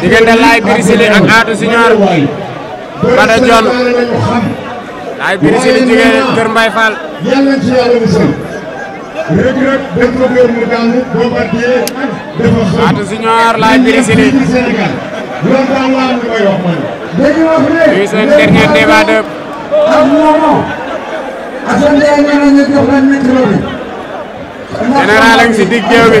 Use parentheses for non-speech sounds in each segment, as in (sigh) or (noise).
diggante Laye Birisili ak Atou Signor Bada Dione Laye Birisili jigéen kër Mbaye Fall Atou Signor Laye Birisili luy seen dernier débat de général a ngi si digg géew bi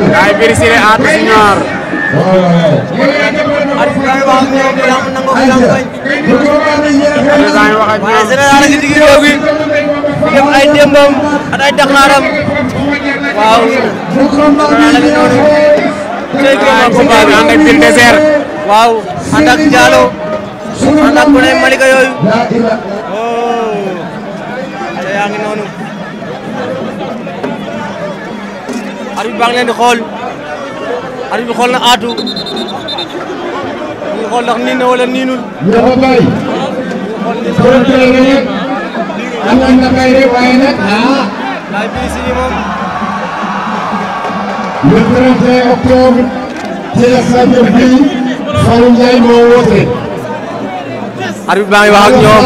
Laye Brissilé Atou Junior. waaye général a ngi digg réew mi def ay démbam ak ay daxaaram waaw. ànd ak Ville désert. waaw ànd ak Diallo ànd ak ku ne Malika yooyu. arbitre baa ngi leen di xool arbitre bi xool na aatu ñu xool ndax niin na wala niinul dafa bari contrôle na nag am na nakay rek waaye nag ah laay bii si moom le 31 octobre ci la stade bi Fallou Ndiaye moo woote arbitre baa ngi wax ak ñoom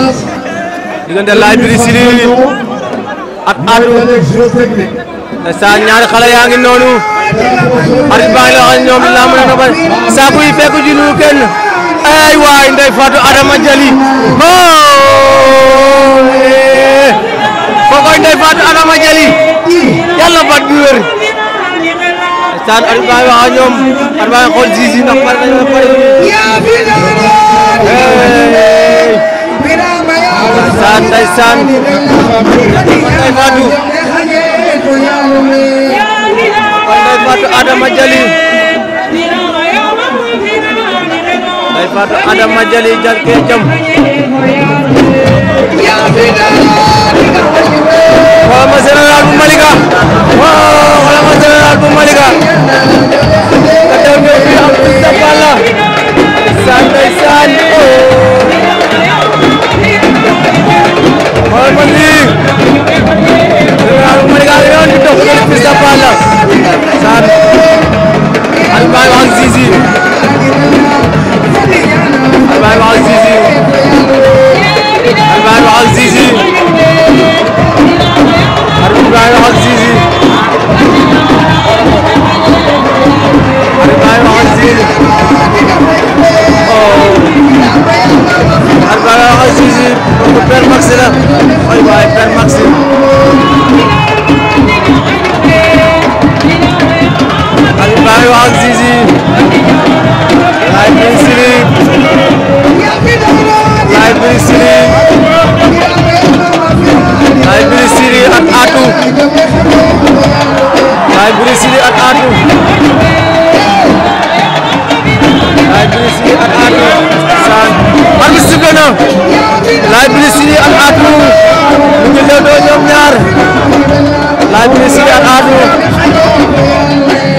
diggante laay bii si at at ndeysaan ñaari xale yaa ngi noonu arbitre baa ngi la wax ñoom lamb na ba saaku yi fekk ji lu kenn ay waay ndey Fatou Adama Jali kookoy ndey Fatou Adama Jali yàlla bat bi wér ndeysaan arbitre baa ngi wax ñoom arbitre baa ngi xool zizi ndax pare nañu pare ndeysaan Ndeye Fatou Ndeye Fatou Adama Jali Ndeye Fatou Adama Jali jarke jam xoolal ma général bu Malika xoolal ma général bu Malika ka daw ñëw fii am Moustapha la ndeysaan ndeysaan xoolal ma lii général Malika yow di dox ko fils de Balla saan albaay wax Zizi Laye Bruce Lee ak Atou ñu ngi leetoo ñoom ñaar Laye Bruce Lee ak Atou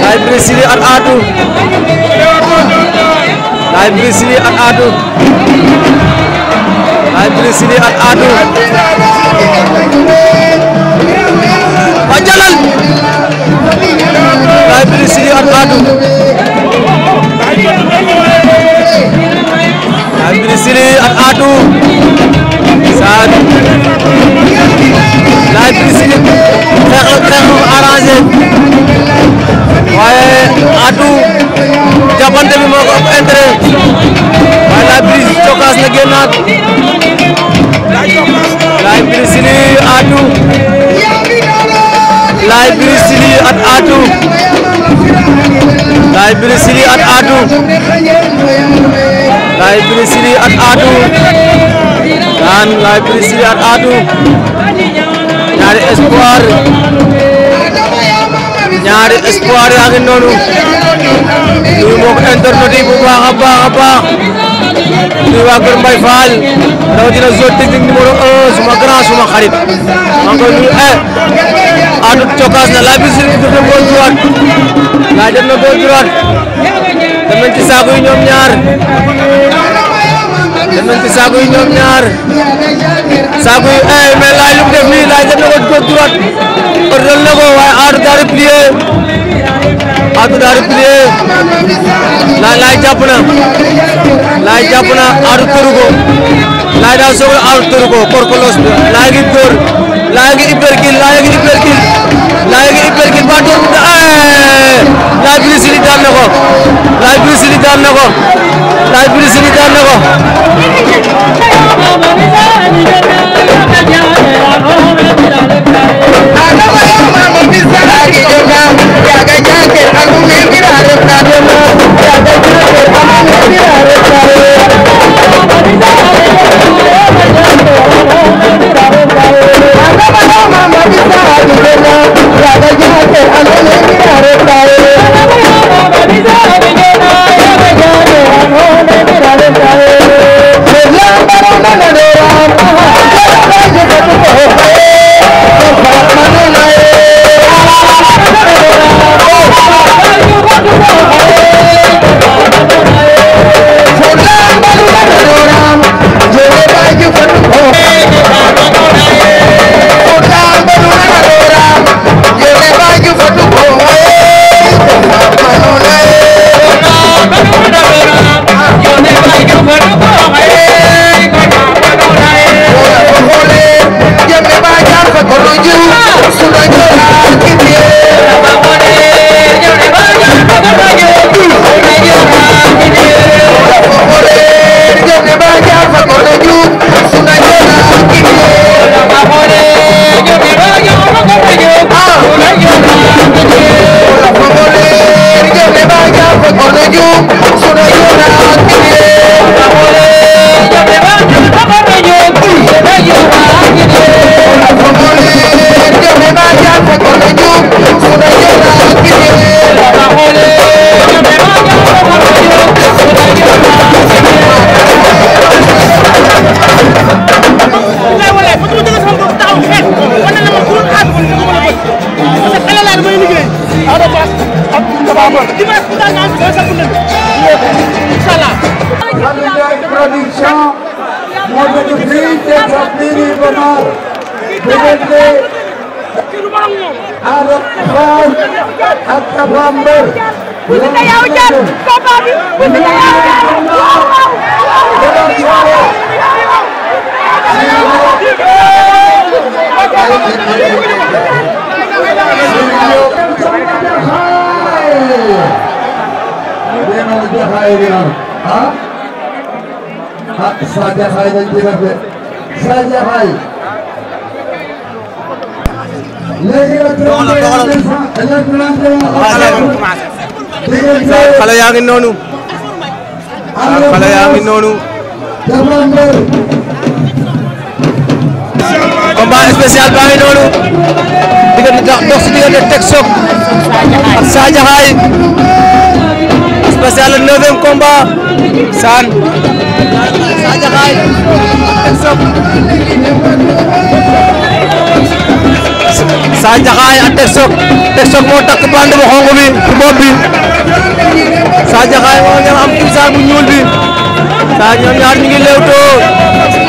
Laye Bruce Lee ak Atou Laye Bruce Lee ak Atou Laye Bruce Lee ak Atou ba jalal Laye Bruce Lee ak Atou Laye Bruce Lee ak Atou Laye Brise xeex xeex bu arrangé waaye Atou jàppante bi moo ko ëpp waaye Laye Brise cokkaas na génnaat Laye Brise Laye Bruce ak Atou daan Laye ñaari espoir ñaari espoir yaa ngi noonu nuyu mbokk internet baax a baax a baax nuyu waa Kër Mbaye Fall rawatina zone technique numéro un suma grand suma xarit maa ngi koy nuyu eh Atou na Laye Bruce def na góor droite Laye def na góor droite dem nañ ci saako ñoom ñaar dem nañ ci saako ñoom ñaar saako yi eh mais laaj lu nii laaj def na ko góor droite na ko waaye aatu daa replié aatu daa replié laaj laaj jàpp na laaj jàpp na aatu tëru ko korkolos bi laaj ngi góor laaj ngi hyperkil laaj ngi hyperkil laaj ngi hyperkil eh. daan na ko laaj bi daan na ko. laay brise li daan na ko ah, Thank you. Sadia Faye lañ ci def de Sadia Faye léegi nag xale yaa ngi noonu xale yaa ngi noonu combat spécial baa ngi noonu diggante dox si diggante Tek Choc ak Sa Diakhaye spécial le neuvième combat Saan Sa Diakhaye Tek Choc Sa Diakhaye ak moo takk bande bu xonq bi ci bopp bi Sa Diakhaye moo ñaar ñu ngi lewtoo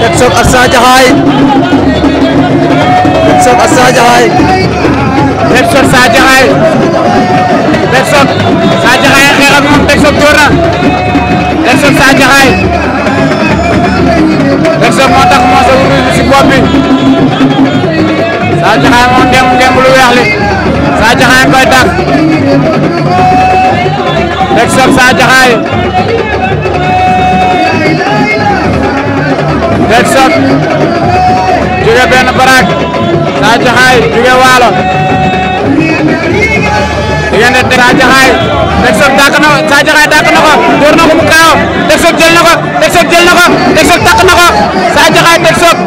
Tek Choc ak Sa Diakhaay Tek Choc ak Sa Diakhaay Tek Choc Sa Diakhaay Tek Choc Sa Diakhaay xeex ak moom Tek Choc door na Tek Choc Sa Diakhaay Tek Choc moo tax moo soog a si bopp bi Sa Diakhaay moo dem dem lu weex li Sa Diakhaay koy tax Tek Choc Sa Diakhaay Tek Choc jóge benn baraak Sa Jaxaay jóge waalo diggante Sa Jaxaay na ko Jaxaay dàq na ko door na ko mu kaaw Tek na ko Tek Choc na ko Tek Jaxaay Tek Choc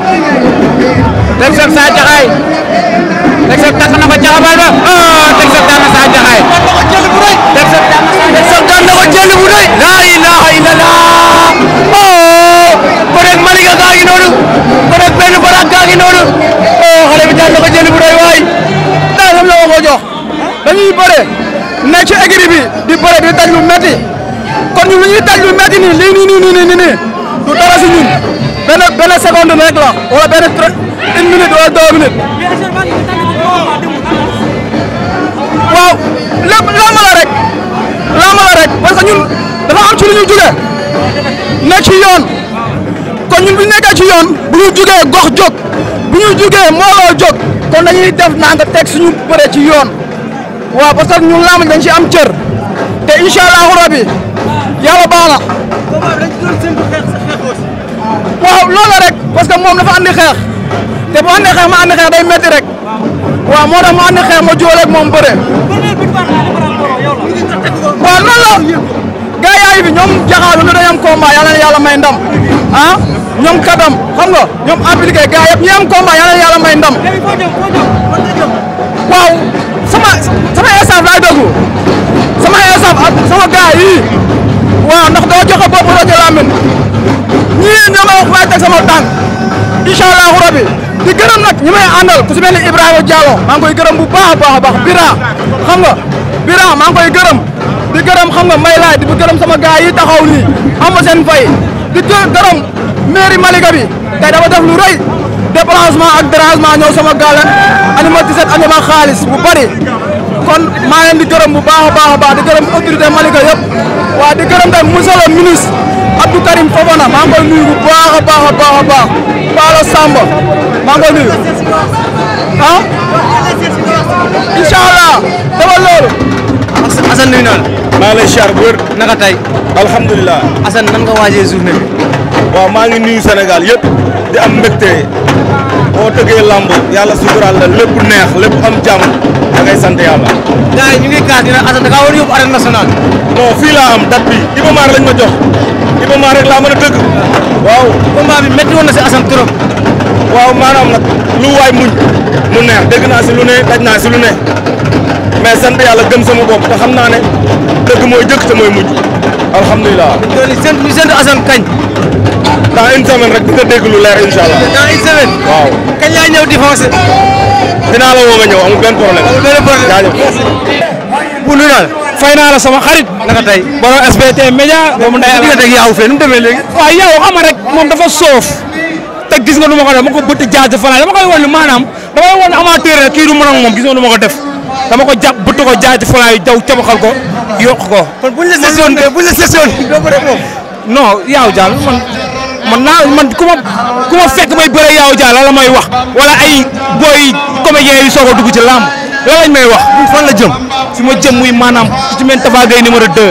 Tek Jaxaay Tek Choc na ko jaxabal ba oh Tek Choc Jaxaay dañuy bëre nekk ci écurie bi di bëre di daj lu metti kon ñun lu ñuy daj lu metti nii lii nii nii nii nii du dara si ñun benn benn seconde rek la wala benn une minute wala deux minutes. waaw lépp lamb la rek lamb la rek parce que ñun dafa am ci lu ñu jugee nekk ci yoon kon ñun bu ñu nekkee ci yoon bu ñu jugee gox jóg bu ñu jugee mbooloo jóg kon dañuy def naa nga teg suñu bëre ci yoon. waa parce que ñun làmb dañ ci am cër te incha allahu rabi yàlla baax na. waaw loolu rek parce que moom dafa andi xeex te bu andi xeex ma andi xeex day metti rek waaw moo tax mu andi xeex ma jóole moom bëre. waaw loolu gaa yaay bi ñoom jaxaaru lu dañu am combat yàlla na yàlla may ndam ah ñoom kadam xam nga ñoom appliqué gaa yëpp ñi am combat yàlla na may ndam waaw. sama sama instant laay déglu sama instant ak sama gars yi waaw ndax doo joxe bopp rajo Lamine ñii ñoo sama tànk incha allahu rabi di gërëm nag ñi may àndal ku si maa ngi koy gërëm bu baax baax Bira xam nga Bira maa ngi gërëm di gërëm xam nga may laay di gërëm sama gars yi taxaw nii fay di gërëm mairie Malika bi tey dafa def lu rëy. déplacement ak dérangement ñëw sama gàlle andi ma 17 xaalis bu bari kon maa leen di gërëm baax baax baax di gërëm autorité Malika yëpp waaye di gërëm tamit monsieur le ministre Abdou maa ngi nuyu bu baax a baax a baax a baax Paolo Samba maa ngi nuyu ah incha allah Assane nuyu naa la. maa ngi lay siyaar bu wér. naka tey. alhamdulilah. Assane nan nga waajee journée bi. waaw maa ngi nuyu Sénégal yëpp di am mbégte boo tëggee lamb yàlla suturaal la lépp neex lépp am jàmm da sant yàlla. gars yi ñu ngi kaas ñu ne Assane da ngaa war a yóbbu arène nationale. non fii laa am date bi Iba Mar ma jox Iba rek laa mën a tëgg. waaw combat bi métti woon na si Assane trop. waaw maanaam nag lu waay muñ mu neex dégg naa si lu ne mais sant yàlla gëm sama bopp te xam naa ne mooy jëkk te mu mujj alhamdulilah. loolu seen ñu seen Assane kañ. dans une semaine rek di nga dégg lu leer incha allah. dans une semaine. waaw kañ laa ñëw di foncé. dinaa la woo nga ñëw sama xarit. naka tey borom SBT Média. boobu nday am diggante ak yaaw fee nu mu demee léegi. waaw yow xam nga moom dafa soof. te gis nga nu ma ko def ma ko bëtt jaajëfal dama koy wan maanaam dama koy wan amateur rek kii du mën moom gis nga nu ko def. dama ko jàpp bëtt ko jaay ci folaay yu ko yokk ko. kon buñ la session buñ la session doo bëre moom. non yaaw jaal man man naa man ku ma ku ma fekk may bëre yaaw jaal la may wax wala ay booy comédien yu soog a dugg ci làmb la lañ may wax fan la jëm fi ma jëm muy maanaam su ci mel Tafa Gueye numéro 2.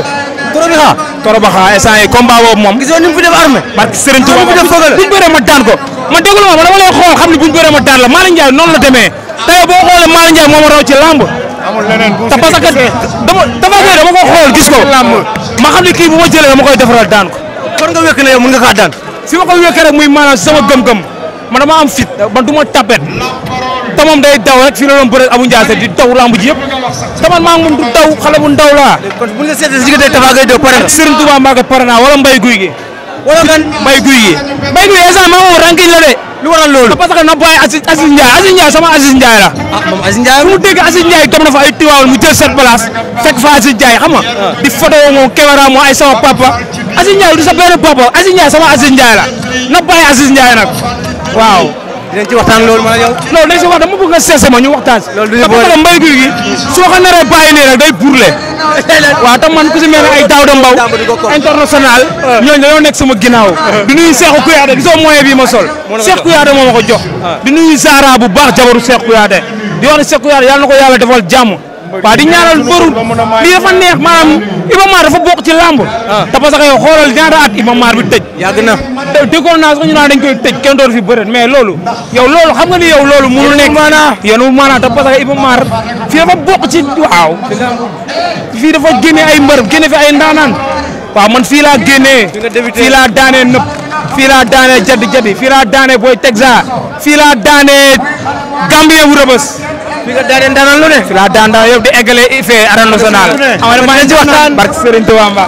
Torobaxa Torobaxa instant yii combat boobu moom. gis nga ni mu fi def armée. parce ma daan ko man déglu ma ma dama lay xool xam ne bu ñu bëree ma daan la Malick Ndiaye noonu la demee tey boo xoolee Malick Ndiaye moo ma raw ci làmb amul leneen bu te parce que dama dama koy dama ko xool gis ko. ma xam ne kii bu ma jëlee ma koy defaral daan ko. kon nga wekk ne yow mën nga kaa daan. fi ma ko wekkee rek muy maanaam sama gëm-gëm ma dama am fit ba du ma tapet te moom day daw rek fi la doon bëre Abou Ndiassé di daw lamb ji yëpp te man maa ngi mun du daw xale bu ndaw laa. kon bu ñu la seetee si pare na. Serigne Touba Mbacké pare naa wala mbay Guy gi. wala kan Mbaye Guèye Mbaye Guèye instant maa moom ranking la de lu waral loolu ah, parce que na bàyyi Aziz Aziz Ndiaye Aziz Ndiaye la ah mu dégg Aziz Ndiaye toog na fa ay tiwaawal mu ah. ay sama papa Aziz Ndiaye du sa benn papa Aziz Ndiaye sama Aziz Ndiaye la na bàyyi Aziz Ndiaye nag waaw dinañ ci waxtaan loolu man ak yow non dañ si wax dama bëgg nga seese ma ñu waxtaan si loolu du Mbaye Guèye gi (laughs) waaw tam man ku si mel ne ay Daouda Mbow international ñooñu dañoo nekk sama ginnaaw di nuyu Cheikhou Kouyaté gisoo moyen bii ma sol Cheikh Kouyaté moo ma ko jox di nuyu Zara bu baax jabaru Cheikh Kouyaté di wax ne Cheikh Kouyaté yàlla na ko yàlla defal jàmm waaw di ñaanal mbëru lii dafa neex maanaam Iba Mar dafa bokk ci làmb ah. te parce que yow xoolal ñaata at Iba Mar bi tëj yàgg na déggoon naa sax ñu naan dañ koy tëj kenn dootu fi bëreet mais loolu yow loolu xam nga ni yow loolu mënul nekk maanaa yéen maanaa te parce que Iba Mar fii dafa bokk ci waaw fii dafa génne ay mbër génne fi ay ndaanaan waaw man fii laa génnee fii laa daanee nëpp fii laa daanee jadi jadi fii laa daanee booy Texas fii laa daanee Gambie bu fi nga daan daanal lu ne. fi laa daan daanal yëpp di eggale fee arène nationale. amal maa ngi ci waxtaan barke Serigne Touba Mba.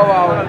waaw waaw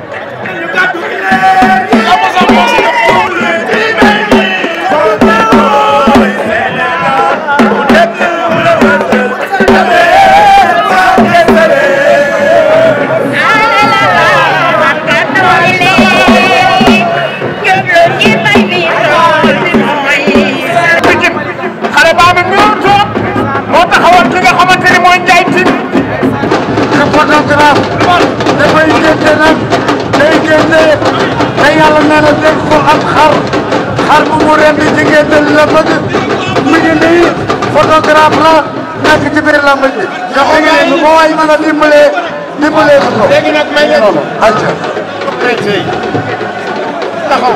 làmb ji nga xam ne lu ko waay mën a dimbalee dimbalee ko léegi nag may leen ayca taxaw